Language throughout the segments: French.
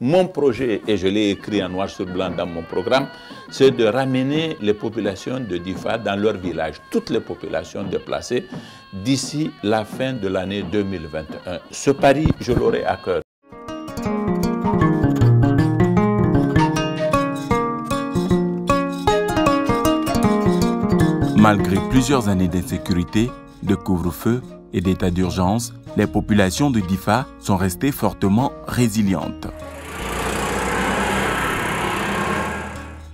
Mon projet, et je l'ai écrit en noir sur blanc dans mon programme, c'est de ramener les populations de Difa dans leur village, toutes les populations déplacées, d'ici la fin de l'année 2021. Ce pari, je l'aurai à cœur. Malgré plusieurs années d'insécurité, de couvre-feu et d'état d'urgence, les populations de Difa sont restées fortement résilientes.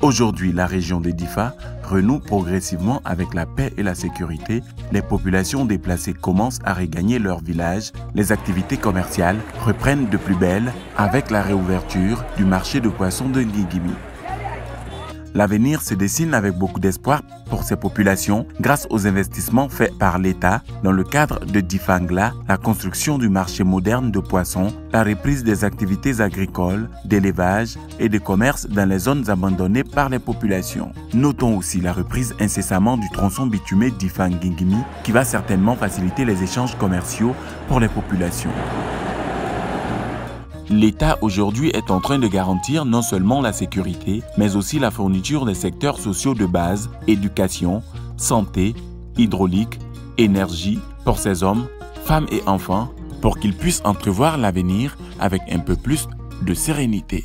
Aujourd'hui, la région des Difa renoue progressivement avec la paix et la sécurité. Les populations déplacées commencent à regagner leurs villages. Les activités commerciales reprennent de plus belle avec la réouverture du marché de poissons de Ngigimi. L'avenir se dessine avec beaucoup d'espoir pour ces populations grâce aux investissements faits par l'État dans le cadre de Difangla, la construction du marché moderne de poissons, la reprise des activités agricoles, d'élevage et de commerce dans les zones abandonnées par les populations. Notons aussi la reprise incessamment du tronçon bitumé Difangingimi qui va certainement faciliter les échanges commerciaux pour les populations l'État aujourd'hui est en train de garantir non seulement la sécurité, mais aussi la fourniture des secteurs sociaux de base, éducation, santé, hydraulique, énergie, pour ces hommes, femmes et enfants, pour qu'ils puissent entrevoir l'avenir avec un peu plus de sérénité.